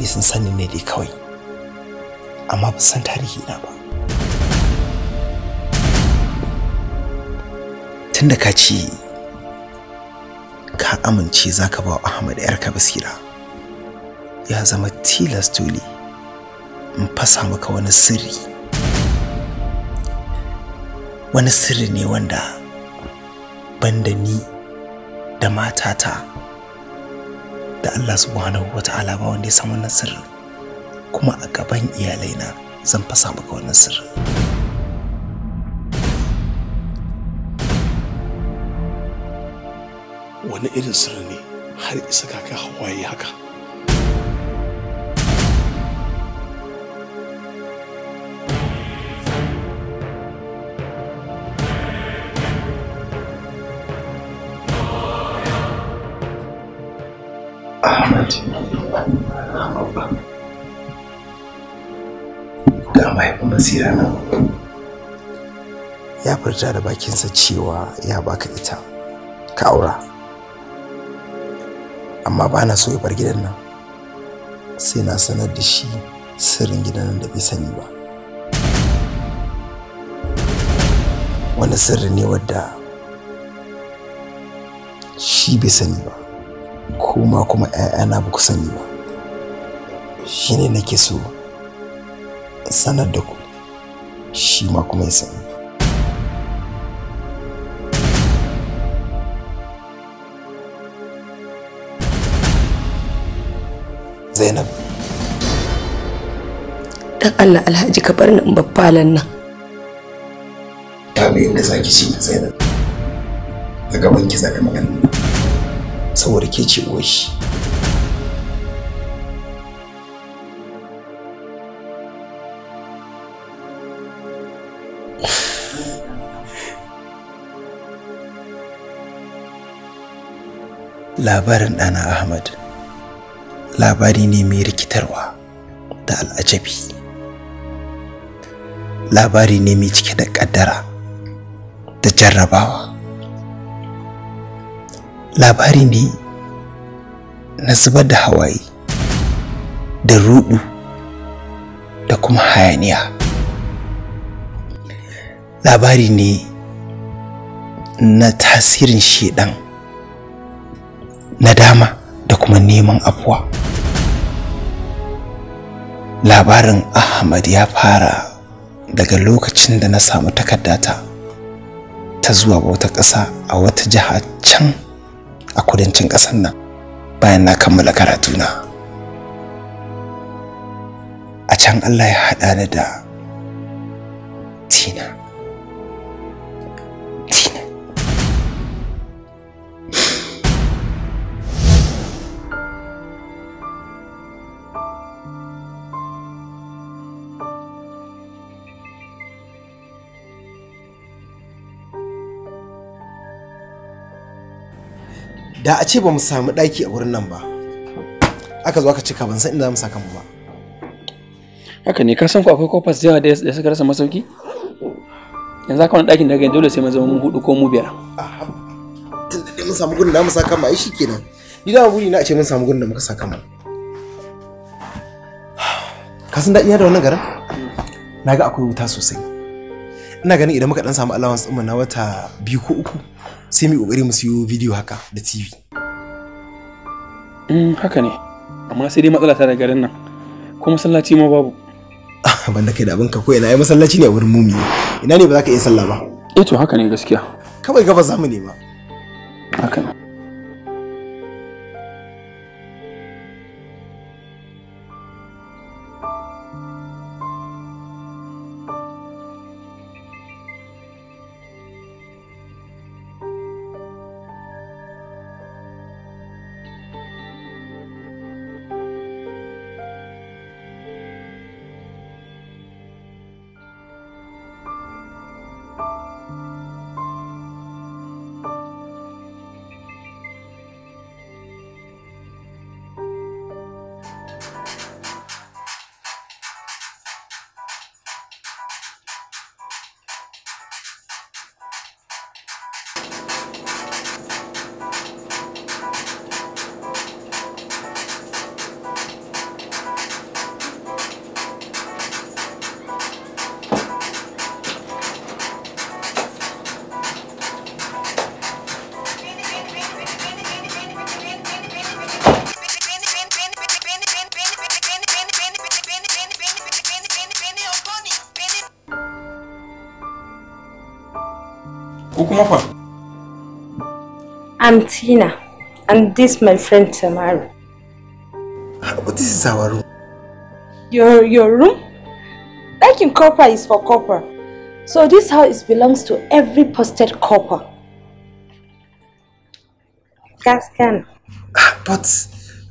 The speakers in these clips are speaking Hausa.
mutane sun sani ne dai kawai amma ba san tarihi na ba tunda ka ci ka amince zaka ka ba ahmad yarka basira ya zama tilas dole in fasa maka wani sirri wani sirri ne wanda banda ni da matata da Allah subhanahu wa ta'ala ba wanda ya san wannan sirri kuma a gaban iyalai na zan fasa maka wannan sirri wani irin sirri ne har isa kaka hawaye haka basira na ya furta da bakinsa cewa ya baka ita ka aura amma ba na so ya bar gidan nan sai na sanar da shi sirrin gidan nan da bai sani ba wani sirri ne wadda shi bai sani ba kuma kuma 'ya'yana ba ku sani ba shi ne nake so sanar da ku shi ma kuma ya sani zainab dan allah alhaji ka bar ni in babbalan nan ta me inda zaki ci zainab a gaban ki zaka magana saboda ke ce uwar shi labarin ɗana ahmad labari ne mai rikitarwa da al'ajabi labari ne mai cike da ƙaddara da jarrabawa labari ne na zubar da hawaye da rudu da kuma hayaniya labari ne na tasirin shedan nadama da kuma neman afuwa labarin ahmad ya fara daga lokacin da na samu takardata ta zuwa wata ƙasa a wata jiha can a kudancin ƙasar nan bayan na kammala karatuna a can allah ya haɗa da tina da a ce ba mu samu ɗaki a wurin nan ba aka zo aka cika ban san inda za mu saka mu ba haka ne ka san ku akwai kofar da yawa da suka rasa masauki yanzu aka wani ɗakin da gani dole sai mun zama mun hudu ko mu biyar tun da mun samu gudun da mu saka mu ai shikenan ni da buri na a ce mun samu gudun da muka saka mu ka san daɗi da wannan garin na ga akwai wuta sosai ina ganin idan muka dan samu allowance ɗin na wata biyu ko uku sai mu kokari mu siyo bidiyo haka da TV. Mm, haka ne. Amma sai dai matsala ta da garin nan. Ko masallaci ma babu. Ah, Ban da kai da abinka ko ina ai masallaci ne a wurin mumi. Ina ne ba za ka iya sallah ba? Eh to haka ne gaskiya. Kawai gaba za mu nema. Haka ne. I'm Tina and this my friend Tamara. Ah, but this is our room. Your your room? Like in copper is for copper. So this house belongs to every posted copper. Gas can. Ah, but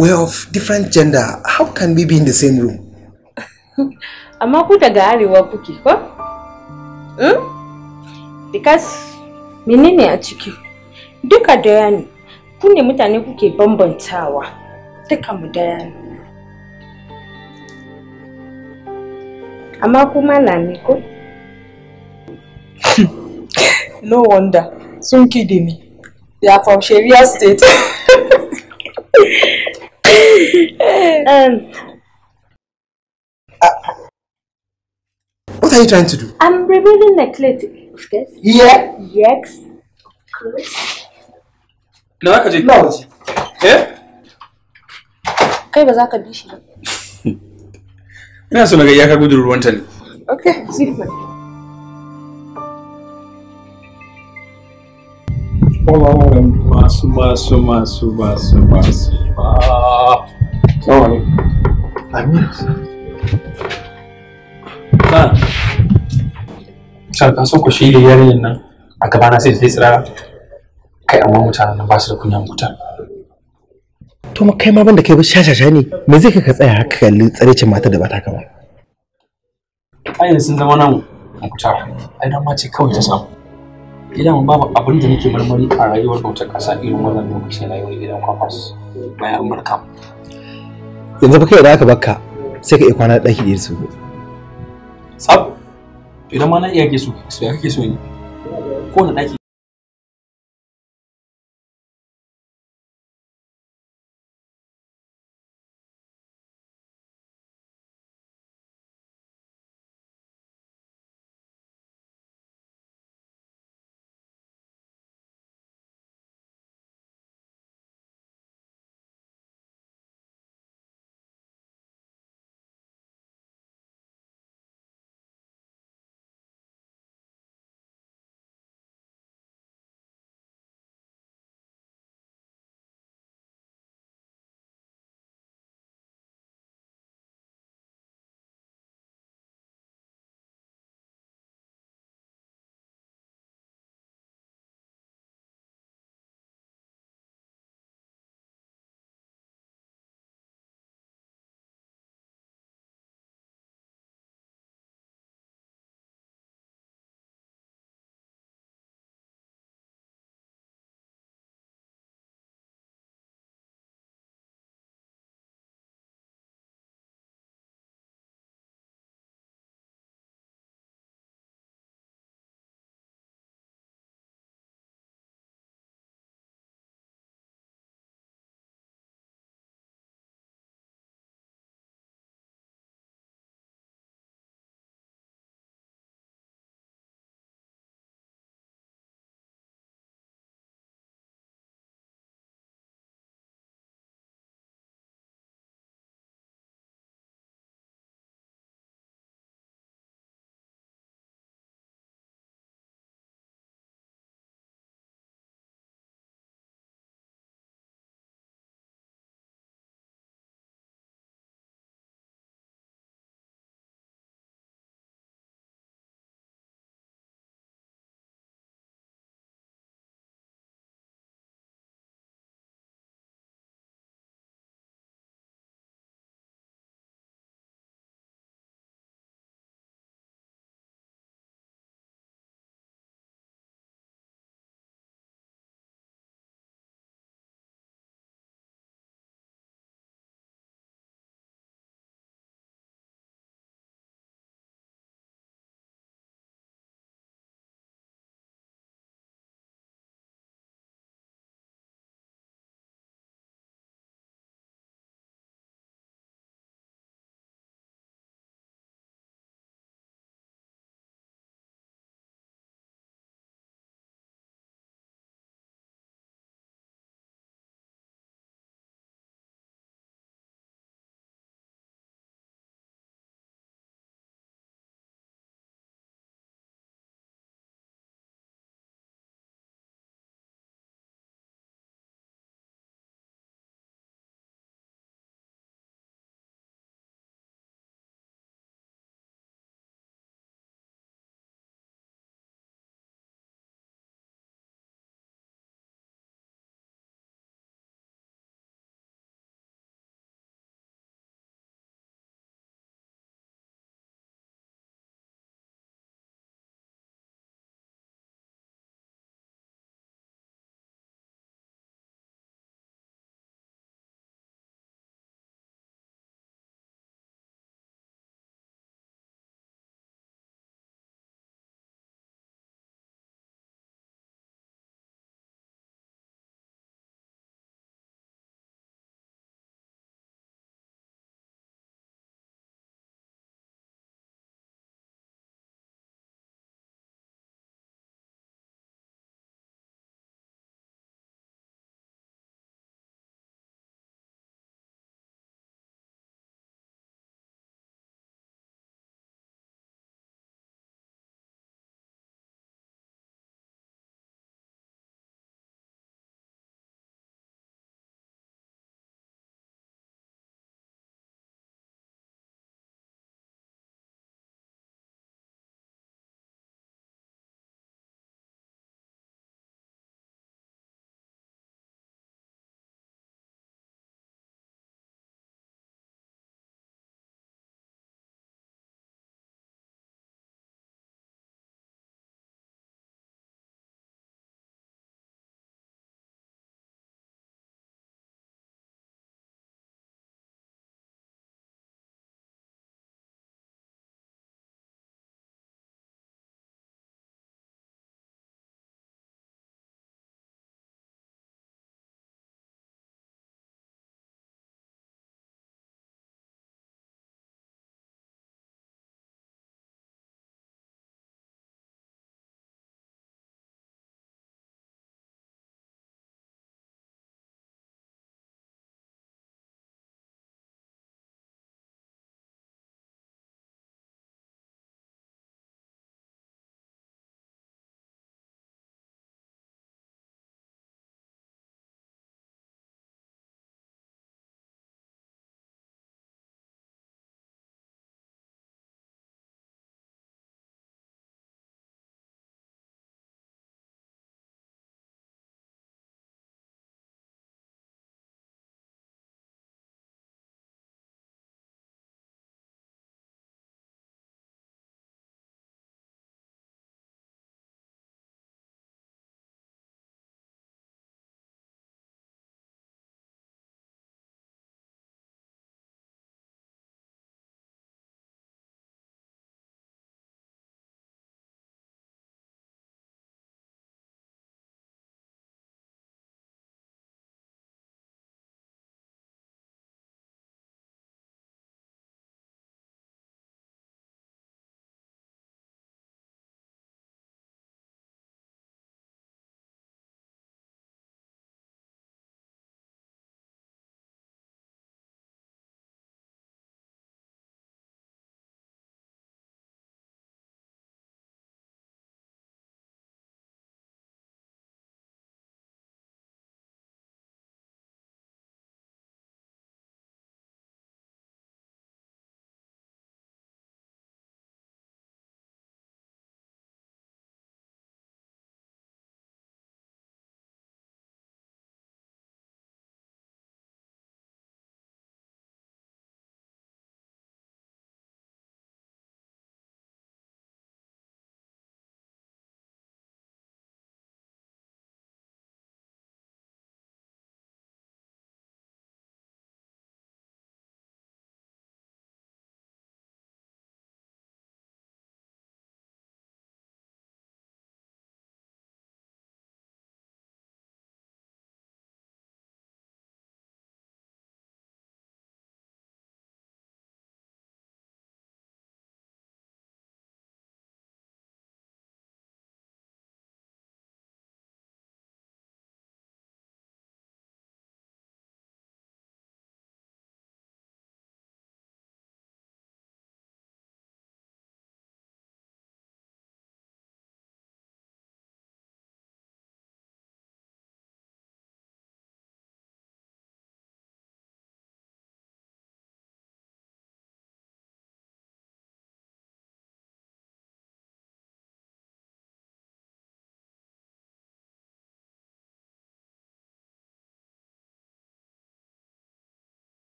we're of different gender. How can we be in the same room? Amakuta gari wakuki, huh? Hmm? Because menene a ciki duka daya ne ku ne mutane kuke bambantawa duka mu daya ne amma kuma lami ko no wonder sun kide ni they are from sharia state um, ah. what are you trying to do i'm removing necklace Of course. Yeah. Yes. Na ka je? Na waje. Eh? Kai ba za ka bi shi ba. Ina so na ka gudu ruwan ta ne. Okay, see you. Olá, Ah, sar ka so ku shi da yarinyar nan a gaba na sai sai tsira kai amma mutanen ba su da kunya mutan to ma kai ma banda kai ba shashasha ne me zai ka tsaya haka kalli tsarecin mata da ba ta kama ai sun zama nan mukuta ai dan ma ce kawai ta samu gidan babu abin da nake marmari a rayuwar bautar ƙasa irin wannan lokacin rayuwar gidan kwafas bayan amurka yanzu fa kai da aka bakka sai ka iya kwana da ɗaki ɗaya su tsab idan ma na iya ke so ya kake so ne na ɗaki